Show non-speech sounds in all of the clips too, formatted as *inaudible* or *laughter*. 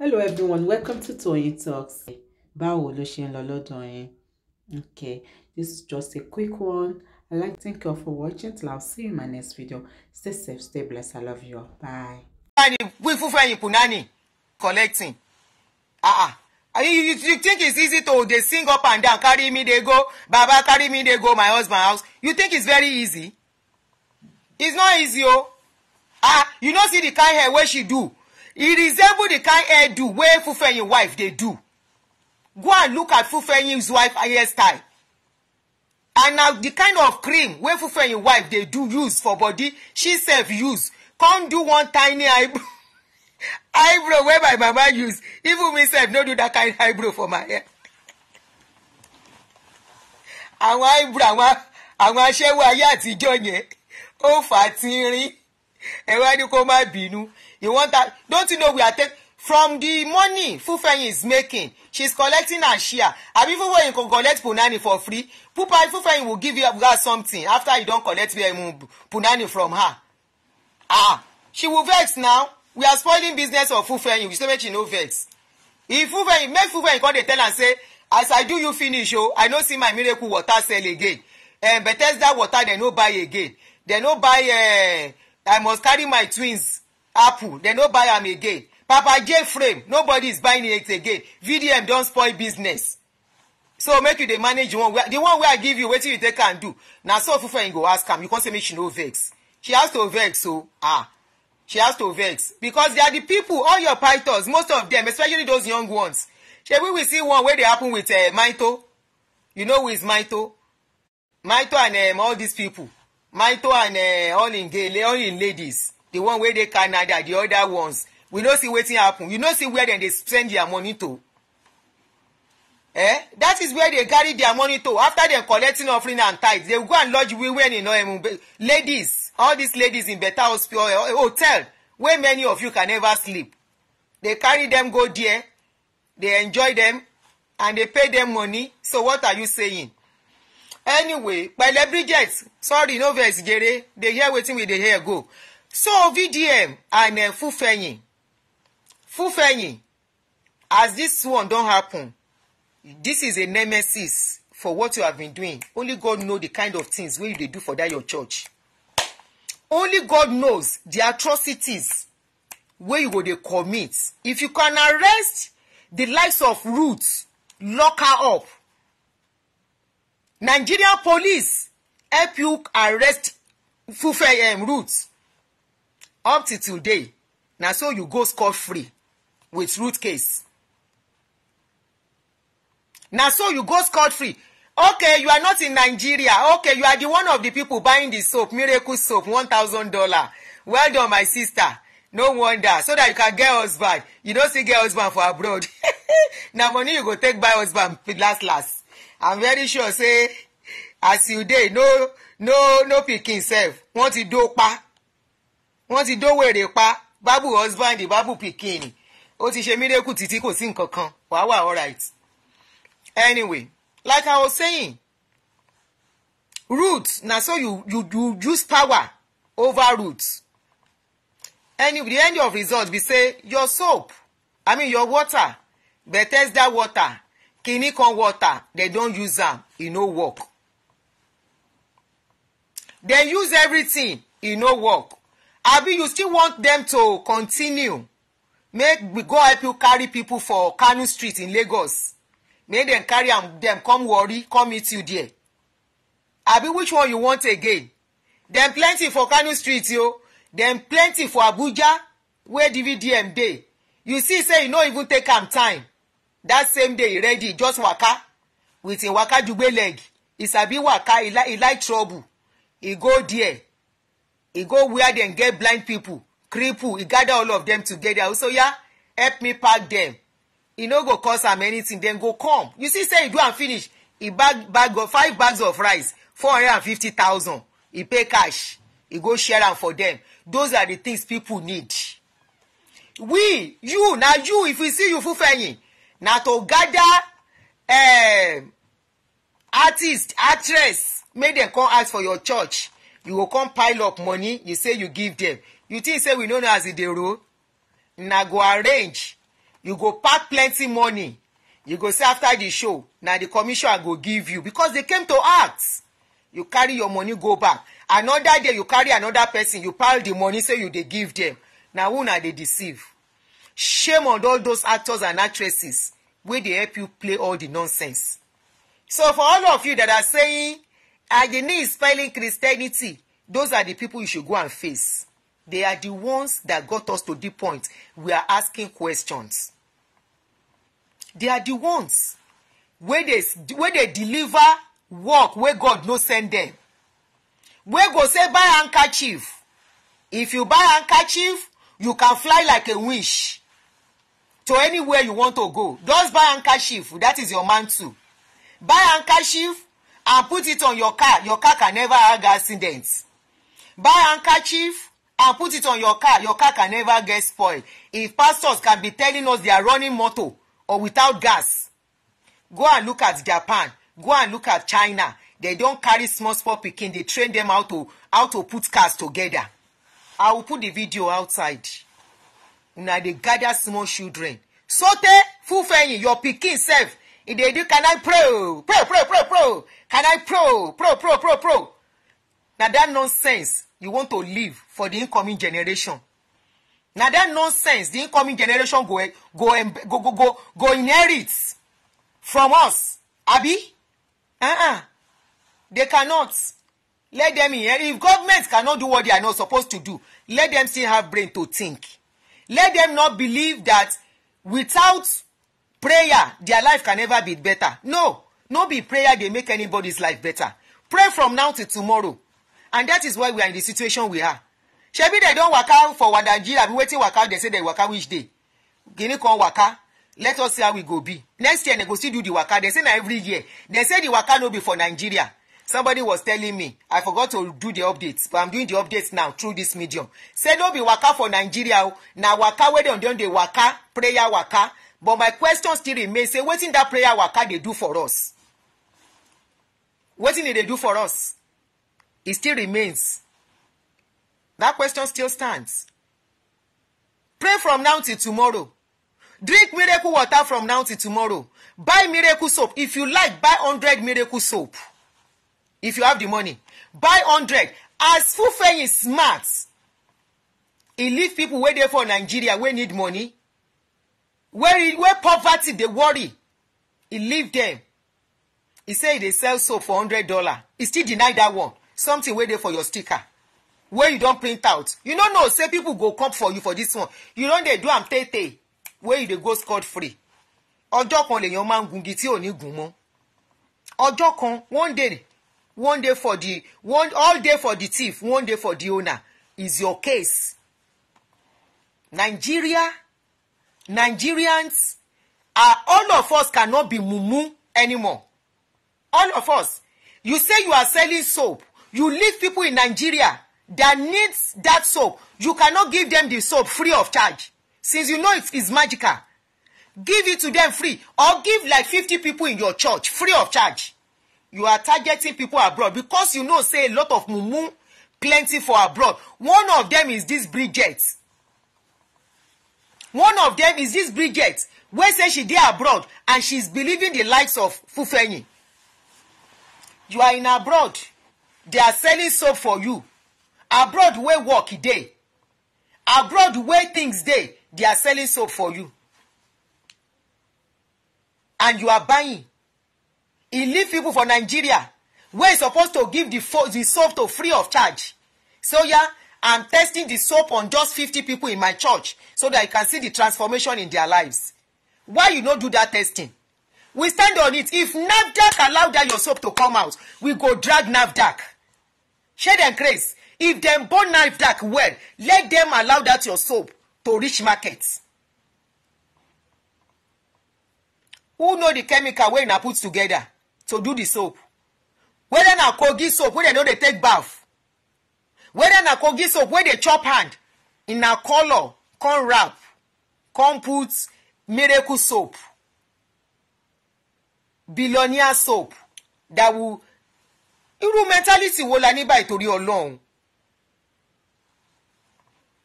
hello everyone welcome to Toyeen Talks báwo ló ṣe ń lọ lọ́dọ̀ yín okay this is just a quick one i like to thank you all for watching till i'll see you in my next video stay safe stay blessed i love you all bye. wí fúnfẹ́ yìí kù collecting ah ah you, you, think it's easy to dey sing up and down carry me dey go baba carry me dey go my husband house you think it's very easy it's not easy o oh. ah you no see the kind hair wey she do e resemble the kind hair hairdo wey fufeyin wife dey do go and look at fufeyin's wife hairstyle and na the kind of cream wey fufeyin wife dey do use for body she sef use come do one tiny eyebrow *laughs* eyebrow wey my mama use even me sef no do that kind eyebrow for my hair àwọn eyebrow àwọn àwọn aṣẹ́wó ayé àtijọ́ yẹn ó fà á tínrín ẹ wá ní kó má bínú you want that don't you know we are take from the money Fufeyin is making she is collecting her share abi Fufeyin go collect punani for free pupa Fufeyin will give you her something after you don collect punani from her ah she will vex now we are spoiling business of Fufeyin we say make she no vex if Fufeyin make Fufeyin come dey tell am say as i do you finish o oh, i no see my miracle water sell again um, Bethesda water dem no buy again dem no buy uh, i must carry my twins apple dem no buy am again papa j frame nobody is buying it again vdm don spoil business so make you dey manage one wey the one wey i give you wetin you take am do na so fufu go ask am you come say make she no vex she has to vex o so, ah she has to vex because they are the people all your pastors most of them especially those young ones shebi we see one wey dey happen with uh, maito you know who is maito maito and um, all these people maito and uh, all im gay all im ladies the one wey dey canada the other ones we no see wetin happen you no see where dem dey send their money to eh that is where they carry their money to after dem collecting offering and tithe they go and lodge women know oemu ladies all these ladies in better hospital eh, eh, hotel wey many of you can never sleep they carry dem go there they enjoy dem and they pay dem money so what are you saying anyway pẹlẹ bridget sorry no vex jere dey hear wetin we dey hear go so vdm and uh, fufeyin fufeyin as this one don happen this is a nemesis for what you have been doing only god know the kind of things wey you dey do for that your church only god knows the atrocities wey you go dey commit if you can arrest the likes of Roots, lock her up Nigeria police help you arrest Fufe um, Ruth up till today na so you go scot free with root case na so you go scot free okay you are not in nigeria okay you are the one of the people buying the soap miracle soap one thousand dollar well done my sister no wonder so that you can get husband you no still get husband for abroad *laughs* na money you go take buy husband last last i'm very sure say as you dey no no no pikin sef wọn ti do pa wọ́n ti dówèrè pa bábù husband bábù pikin ó ti ṣe mírèkù títí kò sí nǹkan kan wàá wà all right anyway like i was saying root na so you you you use power over root anyway the end of result be say your soap i mean your water Bethesda water kini kan water they don use am e no work they use everything e no work abi you still want them to continue make we go help you carry people for kano street in lagos make dem carry am dem come worry, come meet you there abi which one you want again dem plenty for kano street yo. dem plenty for abuja Where dvdm dey you see say e no even take am time that same day e ready just waka with im waka jugbe leg e sabi waka e like e trouble e go there e go where dem get blind people cripple e gather all of dem together So ya help me pack dem e no go cause am anything dem go come you see say e do am finish e bag bag of five bags of rice four hundred and fifty thousand e pay cash e go share am for dem those are the things people need we you na you if we see you fufeyin na to gather um, artist actress make dem come ask for your church you go come pile up money you say you give them. you think say we no know as e dey roll na go arrange you go pack plenty money you go say after the show na the commission i go give you because they came to act you carry your money go back another day you carry another person you pile the money say you dey give them na who na dey deceive shame on all those actors and actresses wey dey help you play all the nonsense so for all of you that are saying Agony is Christianity. Those are the people you should go and face. They are the ones that got us to the point we are asking questions. They are the ones wey dey wey dey deliver work wey God no send them. Wey go say buy handkerchief. If you buy handkerchief, you can fly like a wish to anywhere you want to go. Just buy handkerchief. That is your mantle. Buy handkerchief and put it on your car your car can never have accident buy handkerchief and put it on your car your car can never get spoil if pastors can be telling us they are running motor or without gas go and look at Japan go and look at China they don carry small small pikin dey train them how to how to put cars together i will put the video outside una dey gather small children sotey fufeyin your pikin sef If they do, can I pro? Pro, pro, pro, pro. Can I pro? Pro, pro, pro, pro. Now that nonsense you want to leave for the incoming generation. Now that nonsense the incoming generation go go go go go, go inherit from us. Abi? Uh-uh. They cannot. Let them inherit. If government cannot do what they are not supposed to do, let them still have brain to think. Let them not believe that without prayer their life can never be better no no be prayer dey make anybody's life better pray from now till tomorrow and that is why we are in the situation we are shebi dem don waka for nigeria abi wetin waka dem say dem waka which day guinea corn waka let us see how we go be next year dem go still do the waka dem say na every year dem say the waka no be for nigeria somebody was telling me i forgot to do the update but i'm doing the update now through this medium say no be waka for nigeria o na waka wey dem don dey waka prayer waka but my question still remain say wetin that prayer waka dey do for us wetin e dey do for us e still remains That question still stands pray from now till tomorrow drink miracle water from now till tomorrow buy miracle soap if you like buy hundred miracle soap if you have the money buy hundred as Fufeyin smart e leave people wey dey for Nigeria wey need money where where poverty dey worry he leave them. He say e dey sell soap for hundred dollar He still deny that one something wey dey for your sticker wey you don print out you no know say people go come for you for this one you don dey do am tey tey wey you dey go scot free ọjọ́ kan lèèyàn máa ń gungi tí ò ní gùn mọ́ ọjọ́ kan one day one day for the one all day for the thief one day for the owner is your case Nigeria Nigerians are all of us cannot be mumu anymore. All of us. You say you are selling soap. You leave people in Nigeria that needs that soap. You cannot give them the soap free of charge since you know it is magical. Give it to them free or give like 50 people in your church free of charge. You are targeting people abroad because you know say a lot of mumu plenty for abroad. One of them is this Bridget one of them is this Bridget wey say she dey abroad and she is believing the likes of Fufeyin you are in abroad they are selling soap for you abroad wey work dey abroad wey things dey they are selling soap for you and you are buying e leave people for Nigeria wey suppose to give the, the soap to free of charge so ya yeah, I'm testing the soap on just 50 people in my church so that I can see the transformation in their lives. Why you no do that testing? We stand on it. If NAFDAC allow that your soap to come out, we go drag NAFDAC. Share dem grace. If dem burn NAFDAC well, let dem allow that your soap to reach market. Who know the chemical wey una put together to do the soap? Whether na Kogi soap wey dem no dey take baff whether na kogi soap wey dey chop hand e na colour come wrap come put miracle soap billionaire soap that will irú mentality wo la ní báyìí torí ọlọ́run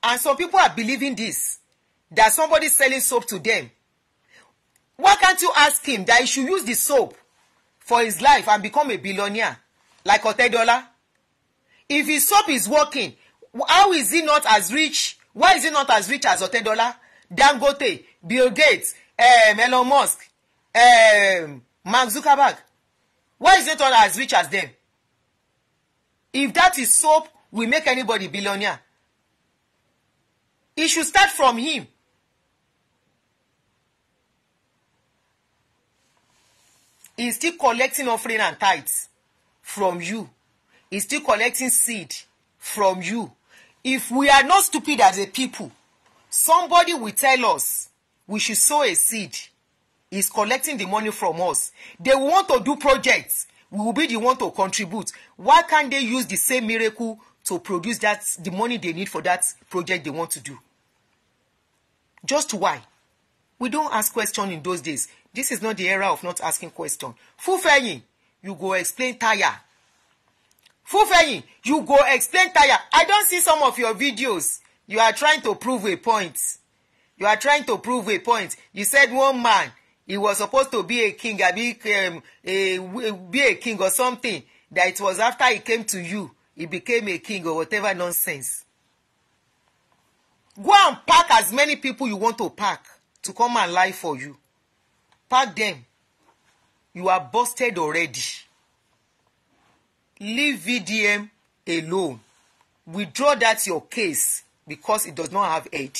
and some people are believing this that somebody selling soap to them why can't you ask him that he should use the soap for his life and become a billionaire like Otedola if his soap is working how is he not as rich why is he not as rich as Otedola Dangote Bill Gates um, Elon Musk um, Mark Zuckerberg why is he not as rich as them if that is soap will make anybody billionaire He should start from him he is still collecting offering and tithes from you is still collecting seed from you if we are not stupid as a people somebody will tell us we should sow a seed is collecting the money from us they want to do projects we will be the one to contribute why can't they use the same miracle to produce that the money they need for that project they want to do just why we don't ask question in those days this is not the era of not asking question Fufeyin, you go explain tire Fufeyin, you go explain tire. I don see some of your videos. You are trying to prove a point. You are trying to prove a point. You said one man, he was supposed to be a king, abi um, a, be a king or something. That it was after he came to you, he became a king or whatever nonsense. Go and pack as many people you want to pack to come and lie for you. Pack them. You are busted already leave VDM alone withdraw that your case because it does not have head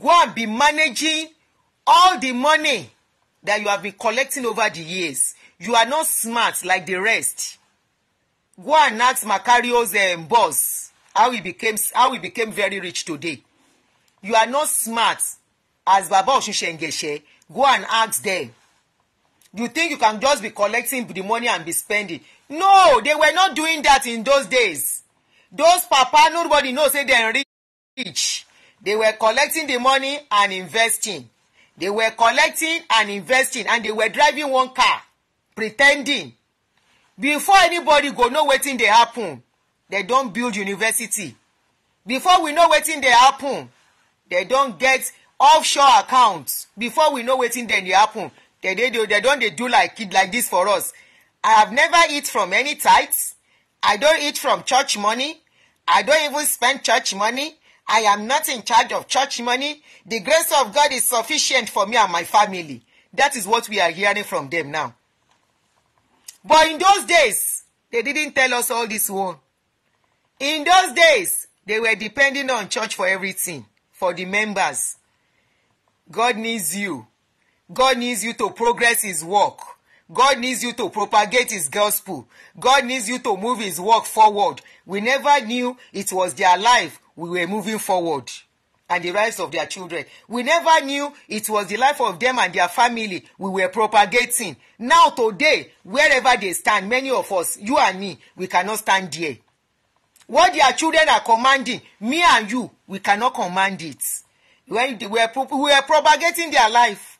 go and be managing all the money that you have been collecting over the years you are not smart like the rest go and ask Macario's um, boss how he became how he became very rich today you are not smart as Baba Osun Sengese go and ask them you think you can just be collecting the money and be spending no they were not doing that in those days those papa nobody know say dem rich they were collecting the money and investing they were collecting and investing and they were driving one car pretending before anybody go know wetin dey happen they don build university before we know wetin dey happen they don get offshore accounts before we know wetin dey happen they do. they don't. They do like it like this for us i have never eat from any tithes i don't eat from church money i don't even spend church money i am not in charge of church money the grace of god is sufficient for me and my family that is what we are hearing from them now but in those days they didn't tell us all this one in those days they were depending on church for everything for the members god needs you God needs you to progress his work. God needs you to propagate his gospel. God needs you to move his work forward. We never knew it was their life we were moving forward and the lives of their children. We never knew it was the life of them and their family we were propagating. Now, today, wherever they stand, many of us, you and me, we cannot stand there. What their children are commanding, me and you, we cannot command it. When they were, we are propagating their life.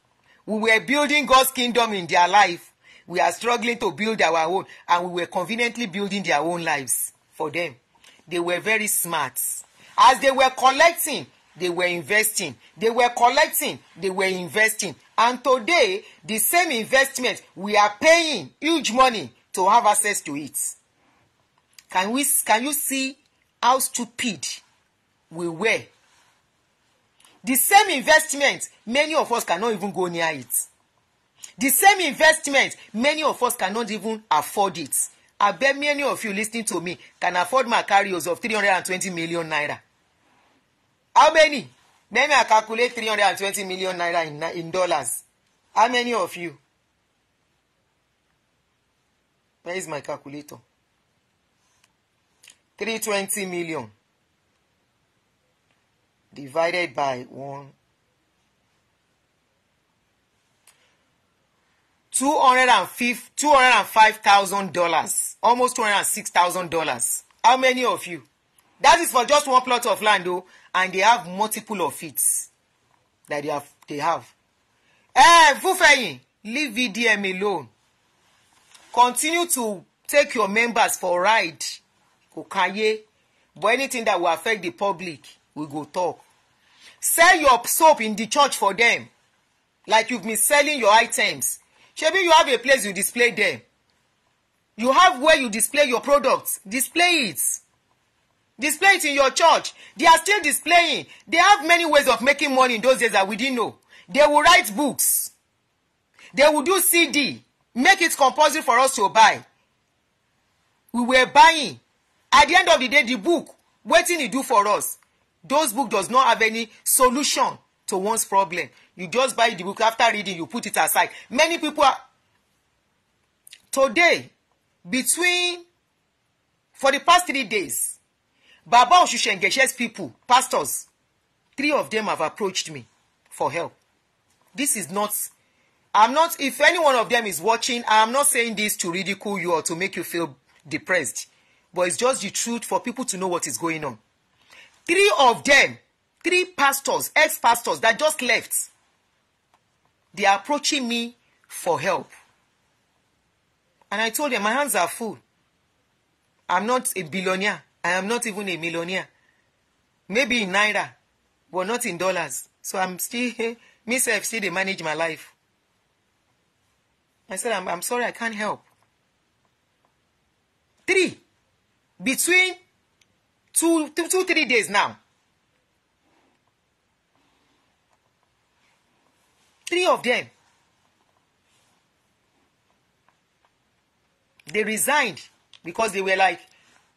we were building God's kingdom in their life we are struggling to build our own and we were conveniently building their own lives for them they were very smart as they were collecting they were investing they were collecting they were investing and today the same investment we are paying huge money to have access to it can we can you see how stupid we were the same investment many of us cannot even go near it the same investment many of us cannot even afford it i bet many of you listening to me can afford my macarios of three hundred and twenty million naira how many Let me calculate three hundred and twenty million naira in, in dollars how many of you where is my calculator three twenty million divided by 1. 205,000 dollars almost 206,000 dollars how many of you that is for just one plot of land oh, and they have multiple of it that they have they have eh fúnfẹ̀yìn leave vdm e alone continue to take your members for ride kò káyé but anything that will affect the public we go talk sell your soap in the church for them like you've been selling your items shebi you have a place you display them you have where you display your products display it display it in your church they are still displaying they have many ways of making money in those days that we didn't know they will write books they will do cd make it compulsory for us to buy we were buying at the end of the day the book wetin e do for us those book does not have any solution to one's problem you just buy the book after reading you put it aside many people are today between for the past three days baba osushengeshe's people pastors three of them have approached me for help this is not i'm not if any one of them is watching i'm not saying this to ridicule you or to make you feel depressed but it's just the truth for people to know what is going on three of them three pastors ex-pastors that just left they are approaching me for help and i told them my hands are full i'm not a billionaire i am not even a millionaire maybe in naira but not in dollars so i'm still *laughs* myself still dey manage my life i said i'm, I'm sorry i can't help three between two, two, two three days now three of them they resigned because they were like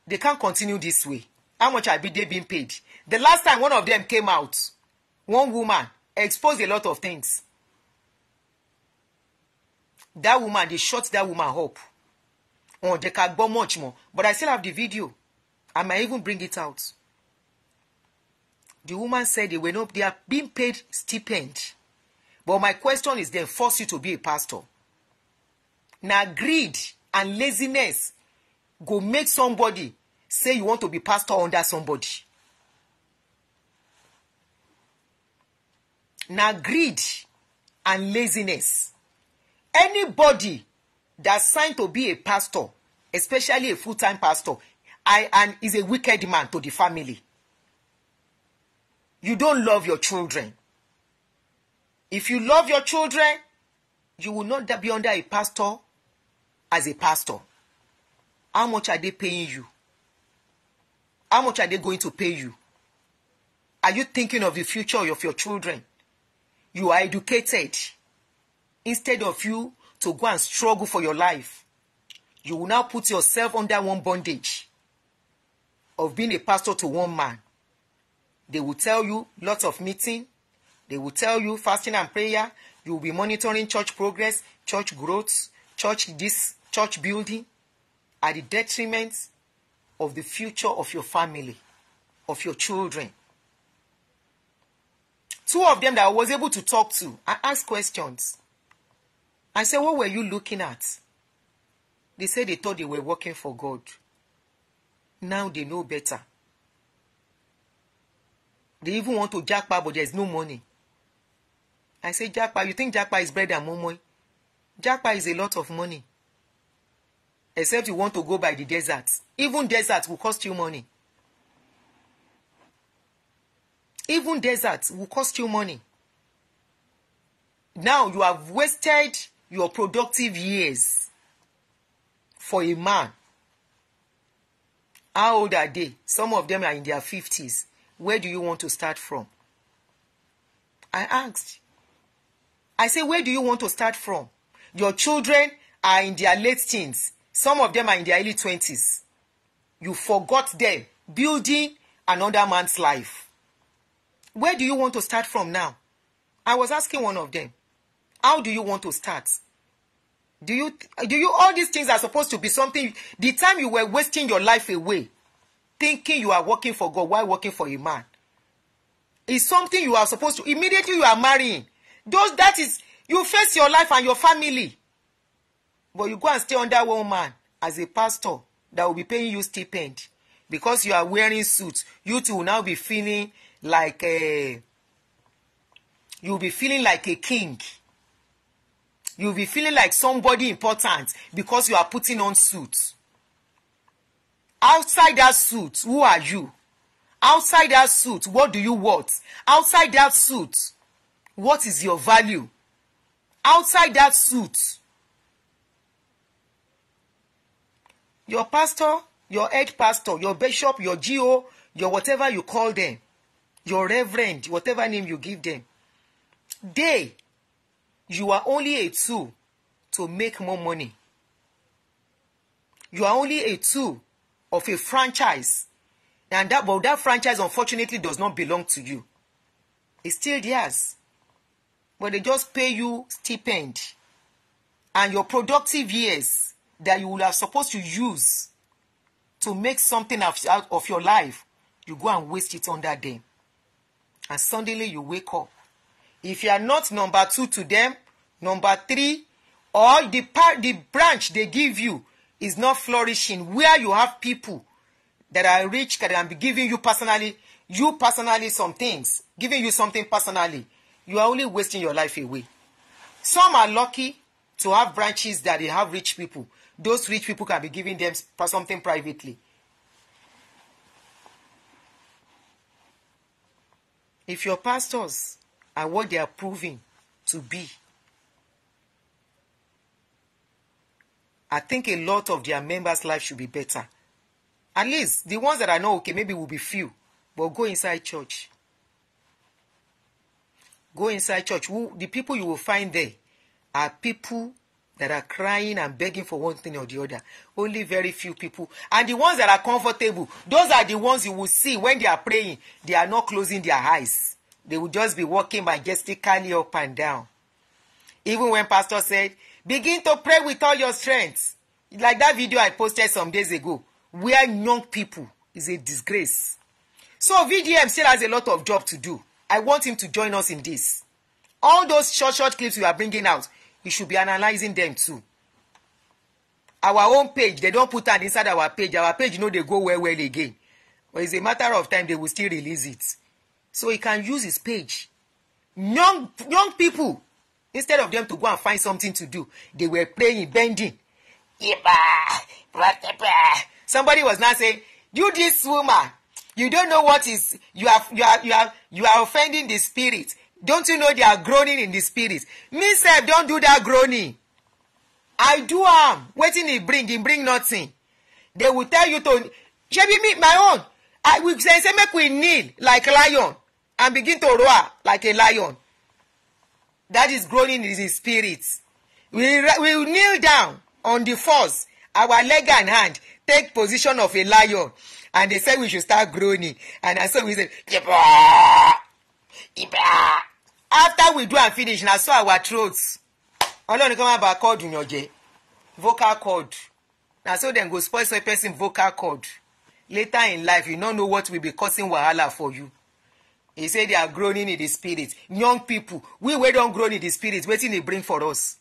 they can't continue this way how much are they being paid the last time one of them came out one woman exposed a lot of things that woman they shot that woman up oh they can't go much more but i still have the video I might even bring it out. The woman said they were not they are being paid stipend. But my question is they force you to be a pastor. Now greed and laziness go make somebody say you want to be pastor under somebody. Now greed and laziness. Anybody that's signed to be a pastor, especially a full-time pastor, I, and is a wicked man to the family. You don't love your children. If you love your children, you will not be under a pastor as a pastor. How much are they paying you? How much are they going to pay you? Are you thinking of the future of your children? You are educated. Instead of you to go and struggle for your life, you will now put yourself under one bondage of being a pastor to one man. They will tell you lots of meeting. They will tell you fasting and prayer. You will be monitoring church progress, church growth, church this, church building, at the detriment of the future of your family, of your children. Two of them that I was able to talk to, I asked questions. I said, What were you looking at? They said they thought they were working for God now they know better they even want to japa but there is no money i say japa you think japa is bread and momo japa is a lot of money except you want to go by the desert even desert will cost you money even desert will cost you money now you have wasted your productive years for a man how old are they some of them are in their fifties where do you want to start from i asked i say where do you want to start from your children are in their late teens some of them are in their early twenties you forgot them building another man's life where do you want to start from now i was asking one of them how do you want to start do you do you all these things are supposed to be something the time you were wasting your life away thinking you are working for God while working for a man is something you are supposed to immediately you are marrying those that is you face your life and your family but you go and stay under one man as a pastor that will be paying you stipend because you are wearing suit you too will now be feeling like a, you will be feeling like a king you'll be feeling like somebody important because you are putting on suit outside that suit who are you outside that suit what do you want outside that suit what is your value outside that suit your pastor your head pastor your bishop your geo your whatever you call them your reverend whatever name you give them they You are only a tool to make more money. You are only a tool of a franchise. And that, well, that franchise unfortunately does not belong to you. It's still theirs. But they just pay you stipend. And your productive years that you are supposed to use to make something out of your life, you go and waste it on that day. And suddenly you wake up if you are not number two to them number three or the part the branch they give you is not flourishing where you have people that are rich that can be giving you personally you personally some things giving you something personally you are only wasting your life away some are lucky to have branches that they have rich people those rich people can be giving them something privately if your pastors and what they are proving to be. I think a lot of their members' life should be better. At least the ones that I know, okay, maybe will be few, but go inside church. Go inside church. Who, the people you will find there are people that are crying and begging for one thing or the other. Only very few people. And the ones that are comfortable, those are the ones you will see when they are praying, they are not closing their eyes. they would just be walking majestically up and down. Even when pastor said, begin to pray with all your strength. Like that video I posted some days ago, where young people is a disgrace. So VDM still has a lot of job to do. I want him to join us in this. All those short, short clips you are bringing out, you should be analyzing them too. Our own page, they don't put that inside our page. Our page, you know, they go well, well again. But it's a matter of time they will still release it so he can use his page young young people instead of them to go and find something to do they were playing bending somebody was now saying you this woman you don't know what is you are you are you are you are offending the spirit don't you know they are groaning in the spirit me sef don do that groaning i do am wetin he bring e bring nothing they will tell you to shebi me my own i will say say make we kneel like lion and begin to roar like a lion. That is groaning in his spirit. We we kneel down on the force, our leg and hand, take position of a lion. And they said we should start groaning. And I said we said, Ibah! Ibah! After we do and finish, na so our throats. Ọlọ́run kan máa bá cord yàn vocal cord na so dem go spoil some person vocal cord later in life you no know what will be causing wahala for you he said they are growing in the spirit young people we don't grow in the spirit Waiting to bring for us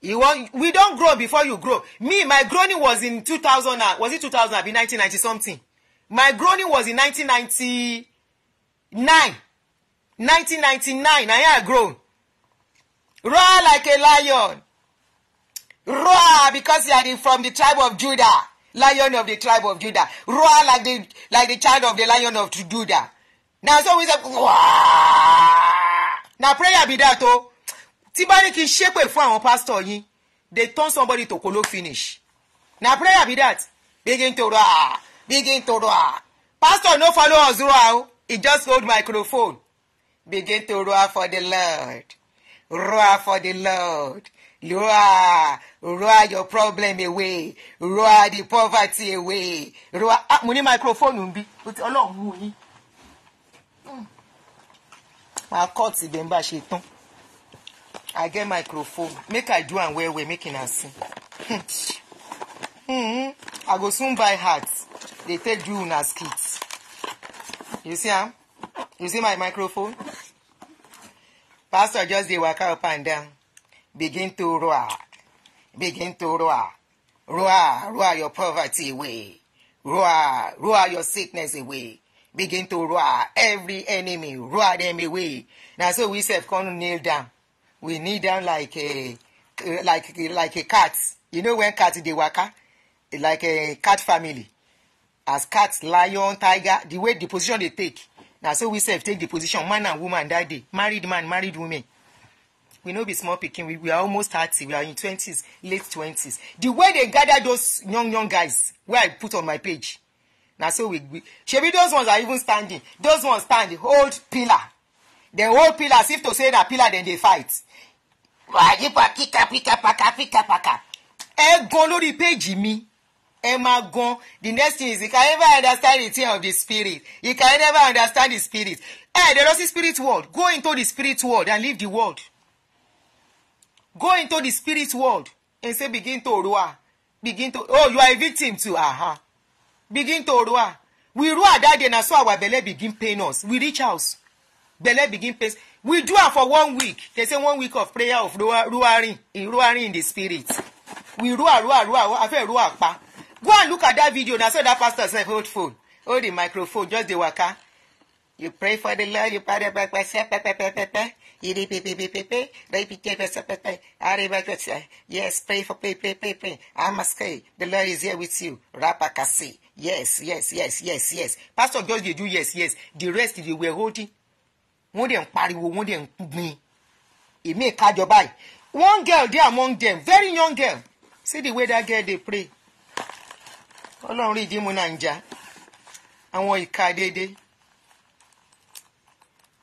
he want we don't grow before you grow me my growing was in 2000 was it 2000 be 1990 something my growing was in 1999 1999 na i grow roar like a lion roar because you are the, from the tribe of judah lion of the tribe of judah roar like the like the child of the lion of judah na so we say na prayer be that o tí bá ní kí n ṣépè fún àwọn pásítọ̀ yín they turn somebody to kolo finish na prayer be that begin to roar begin to roar pastor no follow us roar oh. he just hold microphone begin to roar for the lord roar for the lord roar roar your problem away roar the poverty away roar ah mo ní microphone ń ọlọ́run mú yín i cut the ń bá ṣe i get microphone make i do and well well making us? see i go soon buy hats. They take you do as kids. you see am you see my microphone pastor just they walk up and down begin to roar begin to roar roar roar your poverty away roar roar your sickness away begin to roar every enemy roar them away na so we sef come kneel down we kneel down like a like like a cat you know when cat dey waka like a cat family as cat lion tiger the way the position dey take na so we sef take the position man and woman that day married man married woman we no be small pikin we, we are almost thirty we are in twenties late twenties the way they gather those young young guys wey i put on my page na so we gree shebi those ones are even standing those ones stand hold pillar dem hold pillar as if to say na pillar dem dey fight wàyípa kíkà píkà pàkà píkà pàkà ẹ gan lórí péjì mi ẹ máa gan the next thing is you can never understand the thing of the spirit you can never understand the spirit ẹ dey lọ sí spirit world go into the spirit world and leave the world go into the spirit world and say begin to roar begin to oh you are a victim too aha. Uh -huh. begin to roar we roar that day na so our belle begin pain us we reach house belle begin pain we do am for one week they say one week of prayer of roaring in roaring in the spirit we roar roar roar afe roar pa go and look at that video na so that pastor said, hold phone hold the microphone just the worker. you pray for the lord you pray for the lord pepepepepe iri pepepepepe repetepepepepe aribakese yes pray for pay, pay, pay, pray pray pray amaske the lord is here with you Rapa rapakasi yes yes yes yes yes pastor just dey do yes yes the rest dey were holding wọ́n dẹ̀ ń pariwo wọ́n dẹ̀ ń gbin èmi ìkájọ báyìí one girl dey among them very young girl see the way that girl dey pray ọlọ́run rí ìdímú náà ń jà àwọn ìka déédéé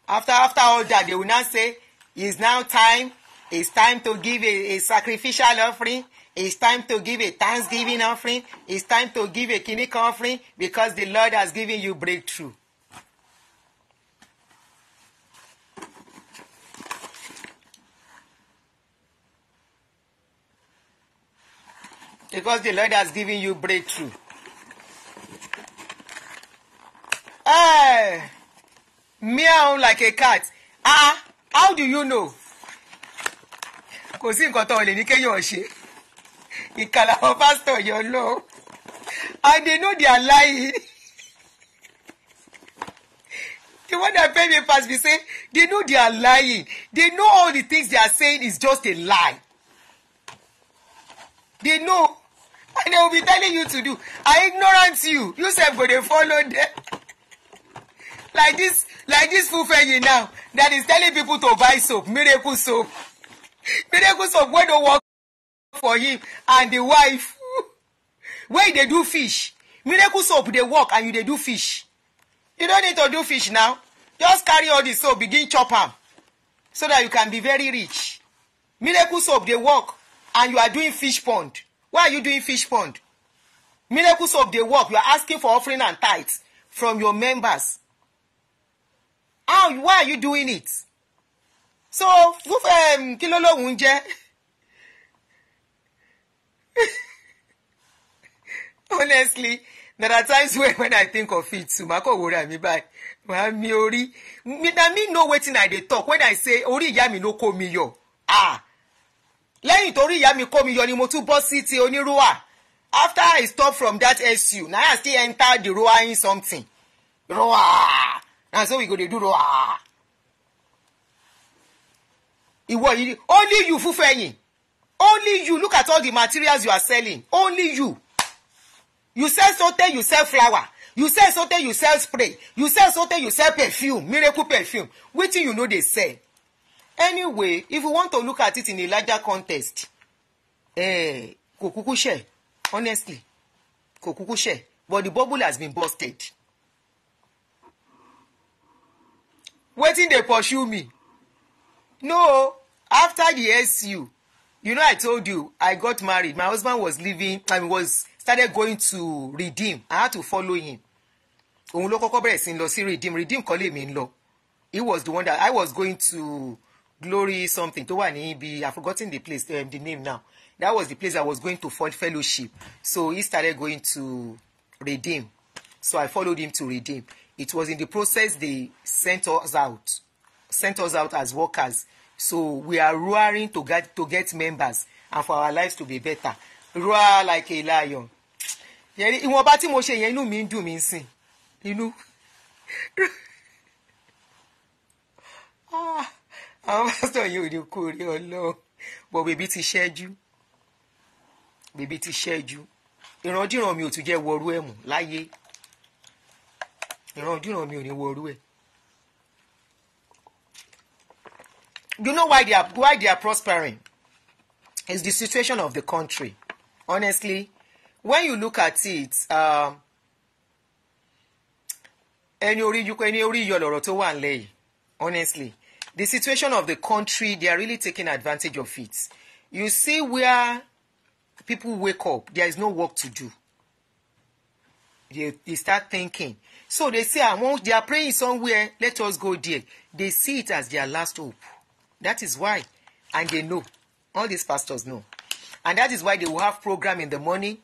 after after all that they will now say it's now time it's time to give a, a sacrificial offering It's time to give a thanksgiving offering. It's time to give a kinnick offering because the Lord has given you breakthrough. Because the Lord has given you breakthrough. Hey, meow like a cat. Ah, ah, how do you know? Kò sí nǹkan tó o ní kéèyàn ṣe ìkà làwọn pásítọ̀ you know. and they know they are lying the one that pay me pass be say they know they are lying they know all the things they are saying is just a lie they know and they will be telling you to do i ignorant you you sef go dey follow them like this like this fulfeyi now that is telling people to buy soap miracle soap miracle soap wey no work for him and the wife wey e dey do fish miracle soap dey work and you dey do fish you no need to do fish now just carry all the soap begin chop am so that you can be very rich miracle soap dey work and you are doing fish pond why are you doing fish pond miracle soap dey work you are asking for offering and tithes from your members how why are you doing it so um, kí ló lóun jẹ́ honestly there are times when when i think of it too mako wura mi báyìí màá mi orí na me know wetin i dey talk when i say ori ìyá mi no kó mi yọ ah lẹ́yìn torí ìyá mi kó mi yọ ni mo tún bọ́ sí ti onírúwà after i stop from that su na i still enter the roa in something roa na so we go dey do roa ìwọ yìí only you fúnfẹ́ yìn only you look at all the materials you are selling only you you sell sote you sell flower you sell sote you sell spray you sell sote you sell perfume miracle perfume wetin you no know dey sell anyway if you want to look at it in a larger context eh, kò kúkú honestly kò kúkú ṣe but the bubble has been busted wetin dey pursue me no after the SU you know i told you i got married my husband was living i mean, was started going to redeem i had to follow him òun ló kọ́kọ́ bẹ̀rẹ̀ sí lọ sí redeem redeem kọ́ lèmi ń lọ he was the one that i was going to glory something tó wà ní ibi i forgotten the place um, the name now that was the place i was going to for fellowship so he started going to redeem so i followed him to redeem it was in the process they sent us out sent us out as workers so we are roaring to get to get members and for our lives to be better roar like a lion yẹri ìwọ̀nba tí mo ṣe yẹn inú mi ń dùn mí sìn inú *laughs* ah, àwọn pásítọ̀ yìí ò ní kú orí ọlọ́run but bèbí ti ṣẹ́jú bèbí ti ṣẹ́jú ìrandíran mi ò tún jẹ́ wọrú ẹ̀ mọ́ láyé ìrandíran mi ò ní wọrú ẹ̀. you know why they are why they are prospering is the situation of the country honestly when you look at it um, ẹni orí yúkọ ẹni orí honestly the situation of the country they are really taking advantage of it you see where people wake up there is no work to do they, they start thinking so they say i want they are praying somewhere let us go there they see it as their last hope that is why. And they know. All these pastors know. And that is why they will have program in the morning,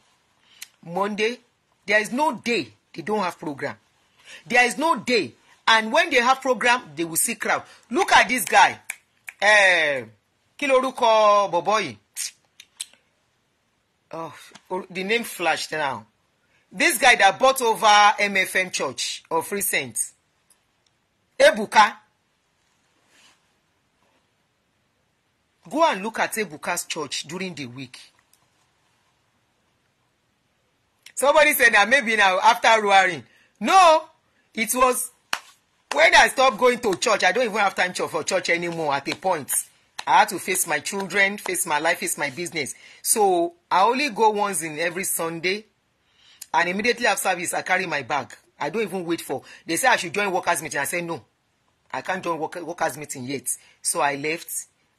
Monday. There is no day they don't have program. There is no day. And when they have program, they will see crowd. Look at this guy. Uh, kí lorúkọ oh, oh, the name flashed now. This guy that bought over MFM Church of recent. Ebuka Go and look at Ebuka's church during the week. Somebody said that maybe now after roaring. No, it was when I stopped going to church. I don't even have time for church anymore at a point. I had to face my children, face my life, face my business. So I only go once in every Sunday. And immediately after service, I carry my bag. I don't even wait for. They say I should join workers' meeting. I said no. I can't join workers' meeting yet. So I left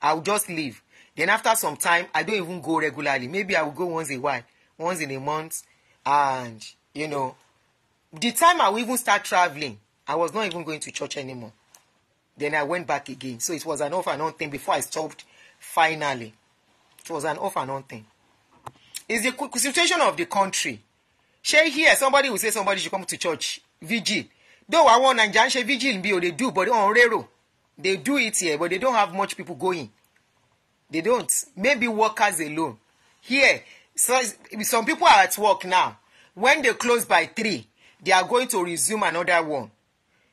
i will just leave then after some time i don't even go regularly maybe i will go once a while once in a month and you know the time i will even start traveling i was not even going to church anymore then i went back again so it was an off and on thing before i stopped finally it was an off and on thing it's the situation of the country ṣé here somebody will say somebody should come to church vigil though I àwọn naija ń ṣe vigil bí o dey do but wọn rérò they do it here but they don't have much people going they don't maybe workers alone here so some people are at work now when they close by three they are going to resume another one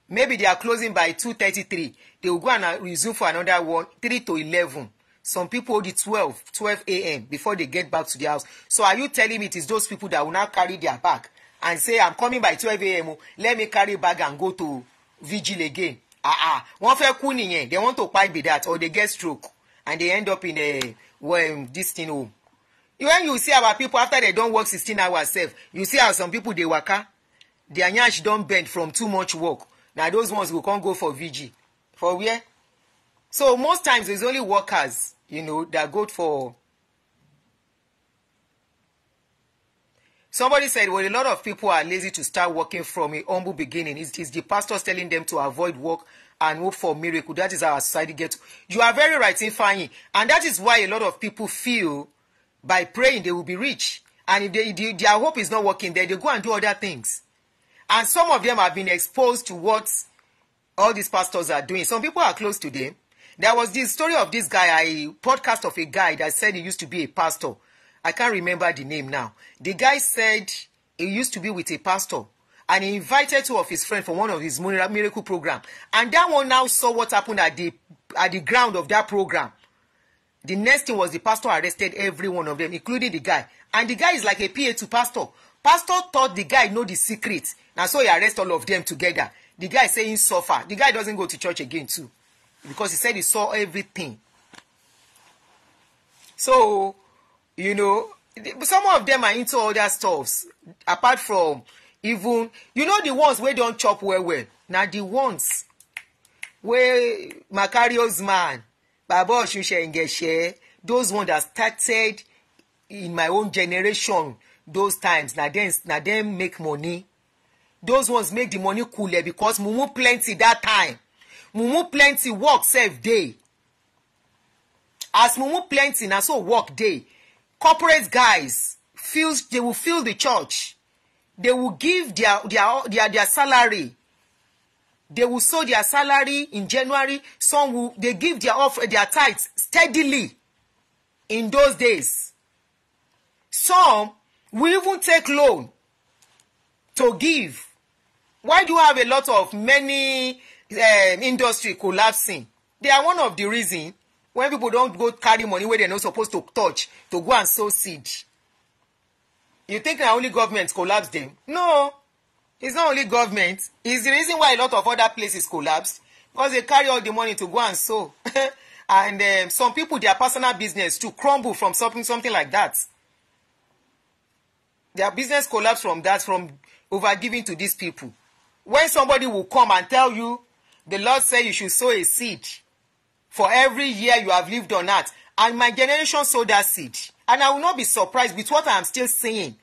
maybe they are closing by two thirty-three they will go and uh, resume for another one three to eleven some people hold it twelve twelve a.m. before they get back to their house so are you telling me it is those people that will now carry their bag and say i'm coming by twelve a.m. o oh, let me carry bag and go to vigil again Ah, ah, wọ́n fẹ́ kú nìyẹn they want to pipe be that or they get stroke and they end up in a, well, this thing home when you see our people after they don work sixteen hours sef you see how some people dey waka their nyash don bend from too much work na those ones go come go for vg for where so most times it's only workers you know that go for Somebody said, well, a lot of people are lazy to start working from a humble beginning. Is it's the pastors telling them to avoid work and hope for miracle. That is how society gets. You are very right, Ifeanyi. And that is why a lot of people feel by praying they will be rich. And if they, they, their hope is not working, then they go and do other things. And some of them have been exposed to what all these pastors are doing. Some people are close to them. There was this story of this guy, a podcast of a guy that said he used to be a pastor I can't remember the name now. The guy said he used to be with a pastor and he invited two of his friends for one of his miracle program. And that one now saw what happened at the at the ground of that program. The next thing was the pastor arrested every one of them, including the guy. And the guy is like a PA to pastor. Pastor thought the guy know the secret. Now so he arrest all of them together. The guy saying suffer. The guy doesn't go to church again too. Because he said he saw everything. So you know some of them are into other stuffs apart from even you know the ones wey don chop well well na the ones wey Macarius man baba Ọ̀ṣun Ṣẹ̀ǹgẹ̀ṣẹ̀ those ones that started in my own generation those times na them na them make money those ones make the money coole because mumu plenty that time mumu plenty work sef dey as mumu plenty na so work dey corporate guys fills they will fill the church they will give their their their their salary they will sow their salary in January some will they give their off their tithes steadily in those days some will even take loan to give why do you have a lot of many um, industry collapsing they are one of the reason when people don go carry money wey dem no suppose to touch to go and sow seed you think na only government collapse dem no it's not only government it's the reason why a lot of other places collapse because they carry all the money to go and sow *laughs* and um, some people their personal business too crumble from something something like that their business collapse from that from overgiving to these people when somebody will come and tell you the lord say you should sow a seed for every year you have lived on earth and my generation sowed that seed and i will not be surprised with what i am still seeing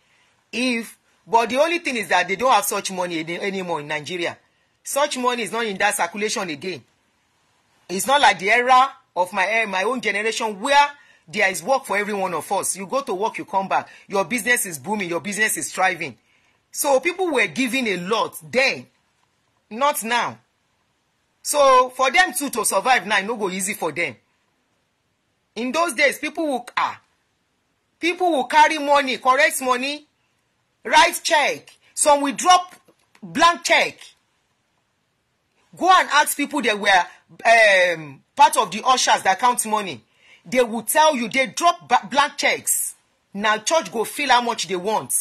if but the only thing is that they don't have such money any, anymore in nigeria such money is not in that circulation again it's not like the era of my era eh, my own generation where there is work for every one of us you go to work you come back your business is booming your business is thriving so people were giving a lot then not now so for them too to survive now e no go easy for them. in those days people will ah people will carry money correct money write check some will drop blank check go and ask people that were um, part of the ushers that count money they will tell you they drop blank checks Now church go feel how much they want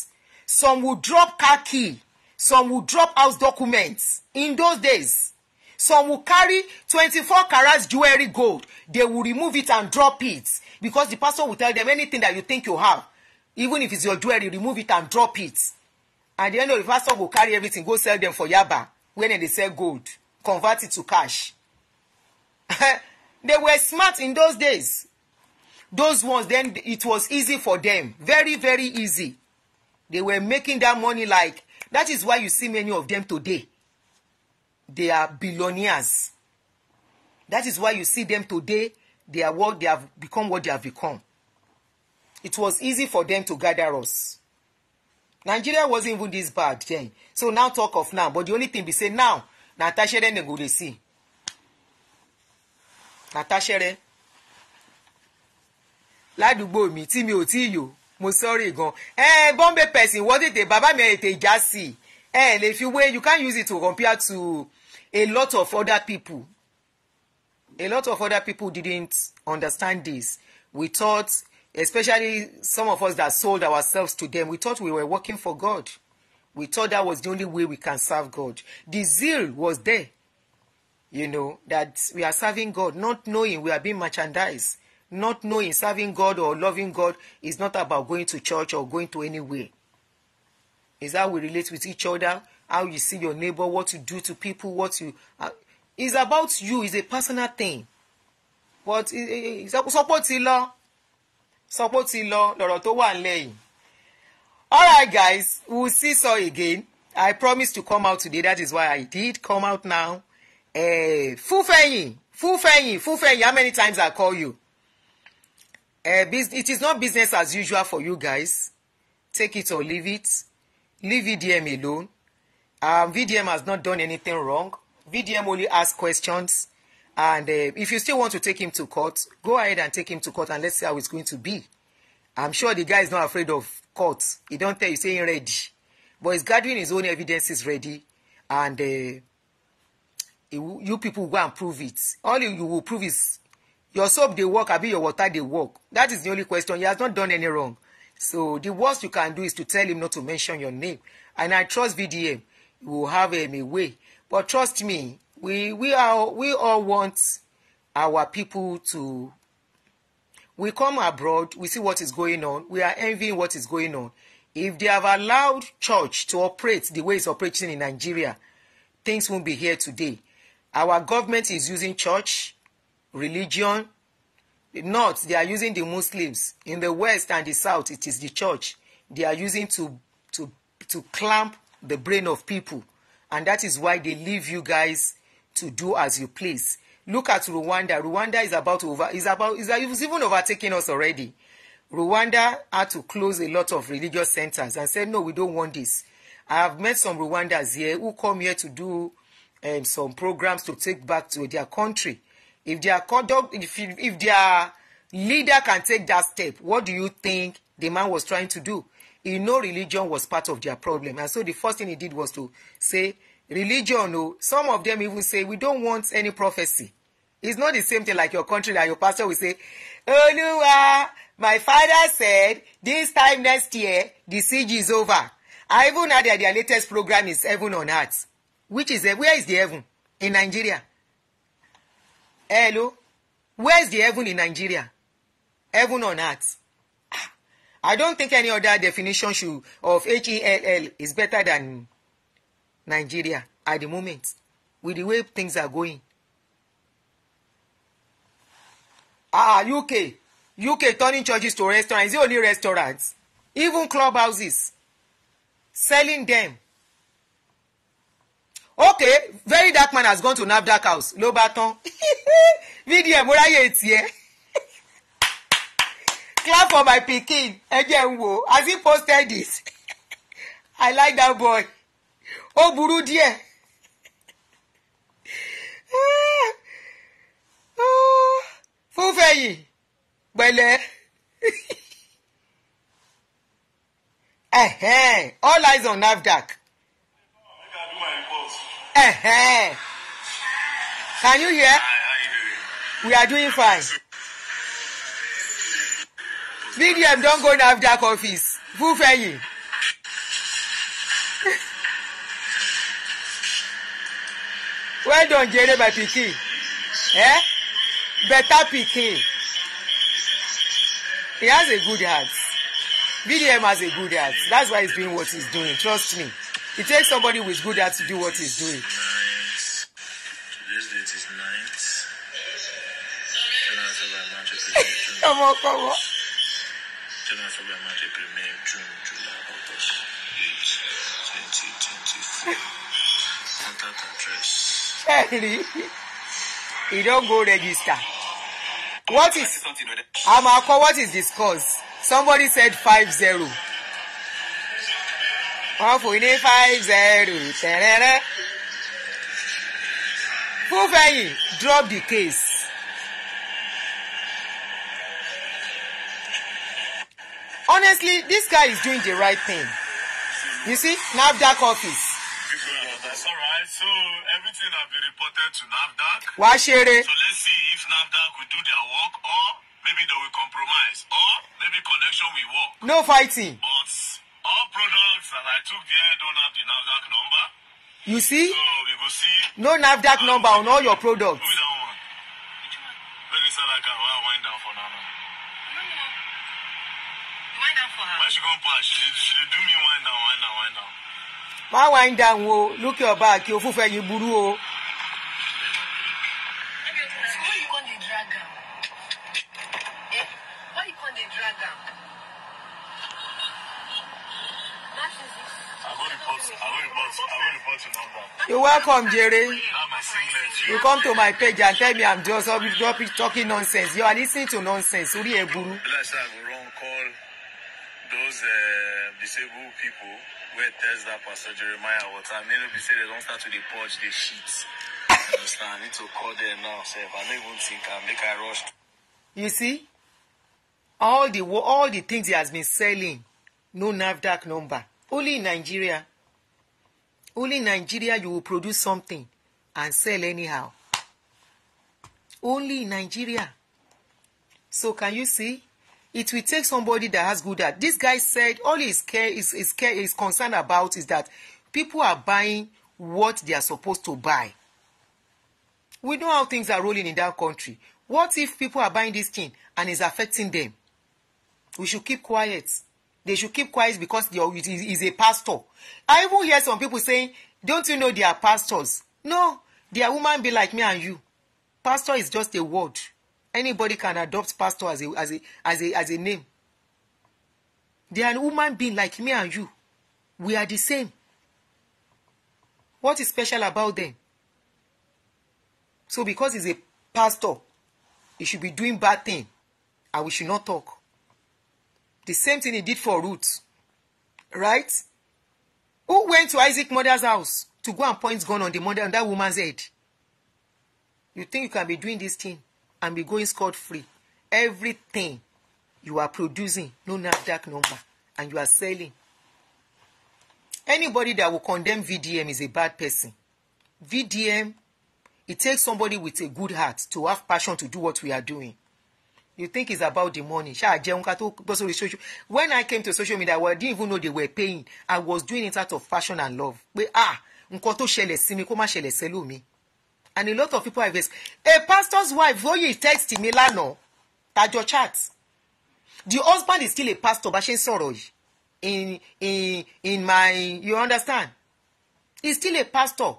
some will drop car key some will drop house documents in those days Some will carry twenty-four carats jewelry gold. They will remove it and drop it because the pastor will tell them anything that you think you have, even if it's your jewelry, remove it and drop it. At the end of the pastor will carry everything, go sell them for Yaba when they sell gold, convert it to cash. *laughs* they were smart in those days. Those ones, then it was easy for them. Very, very easy. They were making that money like, that is why you see many of them today they are billionaires that is why you see them today they are what they have become what they have become it was easy for them to gather us nigeria wasn't even this bad then so now talk of now but the only thing be say now na tashere dem go dey see na ládùúgbò mi tí mi ò tí yò mo sorry gan ẹ ẹ bombay person wọ́n tètè bàbá mi ẹ̀ tètè já sí ẹ lè fi wé you can use it to compare to a lot of other people a lot of other people didn't understand this we thought especially some of us that sold ourselves to them we thought we were working for god we thought that was the only way we can serve god the zeal was there you know that we are serving god not knowing we are being merchandise. not knowing serving god or loving god is not about going to church or going to anywhere is how we relate with each other how you see your neighbor what you do to people what you uh, it's about you it's a personal thing but sọpọ́ ti lọ sọpọ́ ti lọ lọ́rọ̀ tó wà nílẹ̀ yìí alright guys we will see so again I promised to come out today that is why I did come out now uh, eh, fúfẹ̀yìn fúfẹ̀yìn fúfẹ̀yìn how many times I call you uh, it is not business as usual for you guys take it or leave it leave EDM alone Um, VDM has not done anything wrong. VDM only asks questions. And uh, if you still want to take him to court, go ahead and take him to court and let's see how it's going to be. I'm sure the guy is not afraid of court. He don't tell you saying ready. But he's gathering his own evidence. Is ready. And uh, you people go and prove it. All you, you will prove is your soap they work abi your water they work. That is the only question. He has not done any wrong. So the worst you can do is to tell him not to mention your name. And I trust VDM we will have um, a way but trust me we we are we all want our people to we come abroad we see what is going on we are envying what is going on if they have allowed church to operate the way it's operating in nigeria things won't be here today our government is using church religion not they are using the muslims in the west and the south it is the church they are using to to to clamp the brain of people and that is why they leave you guys to do as you please look at Rwanda Rwanda is about over is about is even overtaking us already Rwanda had to close a lot of religious centers and said no we don't want this I have met some Rwandans here who come here to do um, some programs to take back to their country if their conduct if, if their leader can take that step what do you think the man was trying to do He know religion was part of their problem. And so the first thing he did was to say, religion, no. Oh, some of them even say, we don't want any prophecy. It's not the same thing like your country that your pastor will say, Oluwa, my father said, this time next year, the siege is over. I even heard that their latest program is Heaven on Earth. Which is, where is the heaven? In Nigeria. Hello? Where is the heaven in Nigeria? Heaven on Earth. I don't think any other definition should, of HELL is better than Nigeria at the moment with the way things are going. Ah, UK, UK turning churches to restaurants, the only restaurants, even clubhouses, selling them. Okay, very dark man has gone to NAFDAC house, ló bá tán. *laughs* VDM, ó ráyè here clap for my pikin ẹ jẹ́ ń as he posted this *laughs* i like that boy ó burú díẹ̀ *laughs* ah, oh, fúnfẹ̀yìn pẹ̀lẹ́ *laughs* all eyes on NAFDAC. Can you hear? We are doing fine bdm don go nafdac office fúfẹ̀yìn. well done jere my pikin eh? better pikin he has a good heart bdm has a good heart that's why he's doing what he's doing trust me it takes somebody with good heart to do what he's doing. *laughs* Come on, come on. Tell us about Magic May, June, July, August, 8, Contact address. Really? You don't go register. What is I'm call, what is this cause? Somebody said five zero. One for in five zero. fell? drop the case. honestly this guy is doing the right thing you see NAFDAC office. That's all So everything have been reported to NAFDAC. Wàá ṣeré. So let's see if NAFDAC will do their work or maybe they will compromise or maybe connection will work. No fighting. But all products that I took there don't have the NAFDAC number. You see? So we go see. No NAFDAC number on all your products. Who is that woman? Where is that account? come pass she dey she dey do me wind down wind down wind down. má wind down o lókè ọba àkè òfúfẹ yìí burú o. Eh, you welcome, Jerry. You come to my page and tell me I'm just talking nonsense. You are listening to nonsense. Orí ẹ̀ those uh, disabled people wey test that pastor jeremiah water may no be say they don start to dey purge the sheets you understand i need to call them now sef i no even think am make i rush. you see all the all the things he has been selling no nafdac number only in nigeria only in nigeria you will produce something and sell anyhow only in nigeria so can you see it will take somebody that has good heart this guy said all he's care is is care is concerned about is that people are buying what they are supposed to buy we know how things are rolling in that country what if people are buying this thing and it's affecting them we should keep quiet they should keep quiet because he is a pastor i even hear some people saying don't you know they are pastors no they are woman be like me and you pastor is just a word Anybody can adopt pastor as a as a as a as a name. They are a human being like me and you. We are the same. What is special about them? So because he's a pastor, he should be doing bad thing, and we should not talk. The same thing he did for Ruth, right? Who went to Isaac mother's house to go and point gun on the mother and that woman's head? You think you can be doing this thing? and be going scot free everything you are producing no NAFDAC number and you are selling anybody that will condemn VDM is a bad person VDM it takes somebody with a good heart to have passion to do what we are doing you think it's about the money ṣáà jẹun ká tó gbọ́ sórí social when I came to social media well, I didn't even know they were paying I was doing it out of passion and love pé ah nǹkan tó ṣẹlẹ̀ sí mi kó má ṣẹlẹ̀ sẹ́lómi and a lot of people are vex a pastor's wife you text mi lánàá tajọ chat the husband is still a pastor bá ṣe ń in in in my you understand he's still a pastor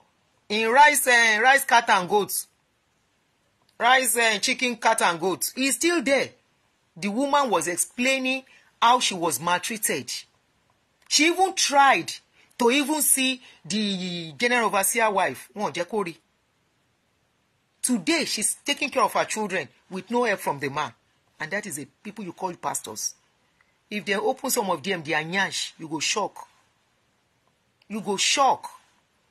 in rice uh, rice cat and goat rice uh, chicken cat and goat he's still there the woman was explaining how she was maltreated she even tried to even see the general overseer wife wọn jẹ́ kó Today, she's taking care of her children with no help from the man. And that is the people you call pastors. If they open some of them, they are nyash. You go shock. You go shock.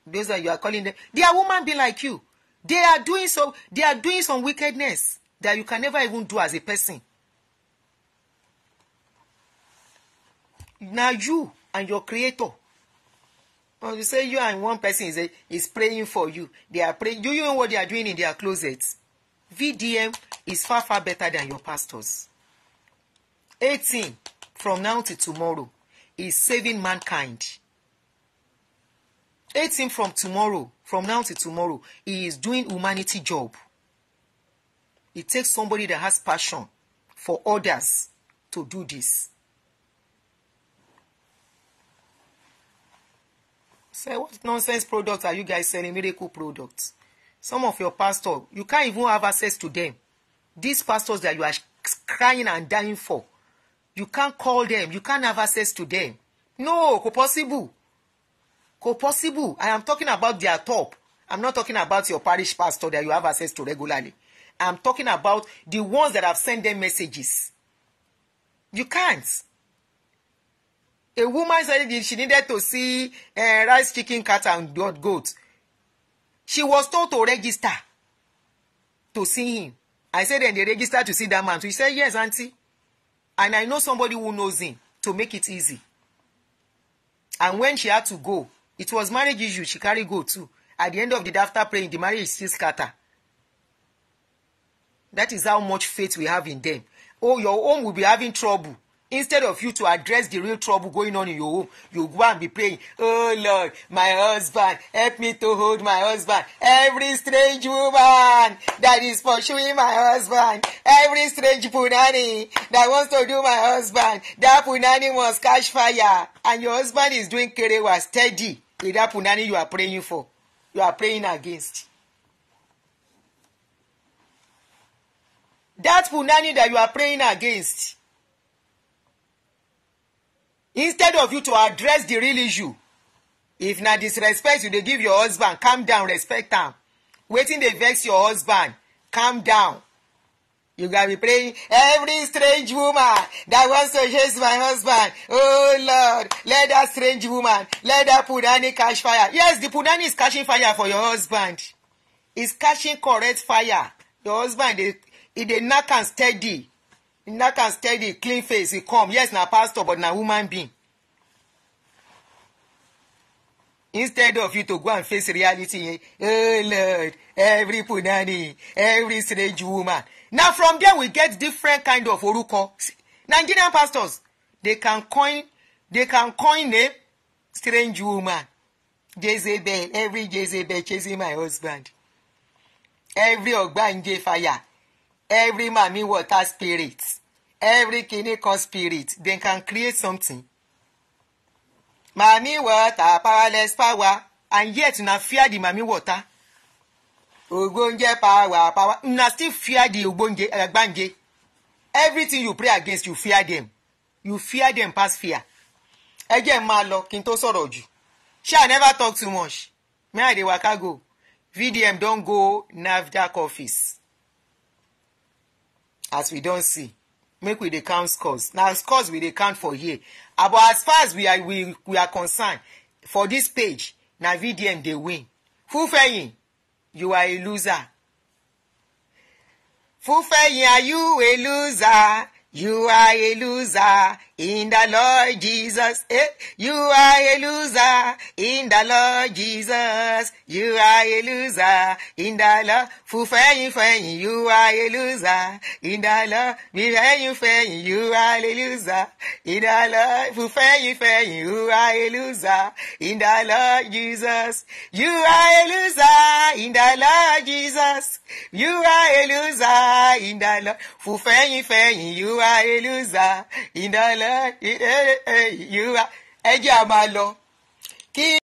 Those that you are calling them, they are women being like you. They are doing so. They are doing some wickedness that you can never even do as a person. Now you and your creator Well, you say you and one person is, a, is praying for you. They are praying. Do you know what they are doing in their closets? VDM is far, far better than your pastors. 18 from now to tomorrow is saving mankind. 18 from tomorrow, from now to tomorrow, he is doing humanity job. It takes somebody that has passion for others to do this. Say, what nonsense products are you guys selling? Miracle products. Some of your pastors, you can't even have access to them. These pastors that you are crying and dying for, you can't call them. You can't have access to them. No, kò possible. Kò possible. I am talking about their top. I'm not talking about your parish pastor that you have access to regularly. I'm talking about the ones that have sent them messages. You can't a woman said she needed to see uh, rice chicken cat and Blood goat she was told to register to see him i said then they register to see that man so she said yes aunty and i know somebody who knows him to make it easy and when she had to go it was marriage issue she carry go too at the end of the day after praying the marriage still scatter that is how much faith we have in them oh your home will be having trouble instead of you to address the real trouble going on in your home you go and be praying oh lord my husband help me to hold my husband every strange woman that is pursuing my husband every strange punani that wants to do my husband that punani must catch fire and your husband is doing kerewa steady with that punani you are praying for you are praying against. that punani that you are praying against instead of you to address the real issue if na disrespect you dey give your husband calm down respect am wetin dey vex your husband calm down you gats be praying every strange woman that wants to chase my husband oh lord let that strange woman let that punani catch fire yes the punani is catching fire for your husband he's catching correct fire your husband dey he dey knack am steady Naka steady, clean face, he come. Yes, na pastor, but na woman being. Instead of you to go and face reality, oh Lord, every punani, every strange woman. Now from there we get different kind of oruko. Nigerian pastors, they can coin, they can coin a strange woman. Jezebel, every Jezebel chasing my husband. Every Ogbanje fire every mami water spirit every kini kan spirit they can create something mami water powerless power and yet na fear the mami water ogbonge power power na still fear the ogbonge agbanje eh, everything you pray against you fear them you fear them pass fear ẹ jẹ́ máa lọ kí n tó sọ̀rọ̀ jù ṣé i never talk too much may i dey waka go vdm don go nafdac office as we don see make we dey count scores na scores we dey count for here but as far as we are we, we are concerned for this page na vdm dey win fufeyin you are a loser fufeyin are you a loser You are a loser in the Lord Jesus. Eh? You are a loser in the Lord Jesus. You are a loser in the Lord. Fufẹ́yìn fẹ́yìn, you are a loser in the Lord. Bífẹ́yìn fẹ́yìn, you are a loser in the Lord. Fufẹ́yìn fẹ́yìn, you are a loser in the Lord Jesus. You are a loser in the Lord Jesus. You are a loser in the Lord. Fufẹ́yìn fẹ́yìn, you are a loser in the Lord eh, eh, eh, you are. ẹ jẹ́ a máa lọ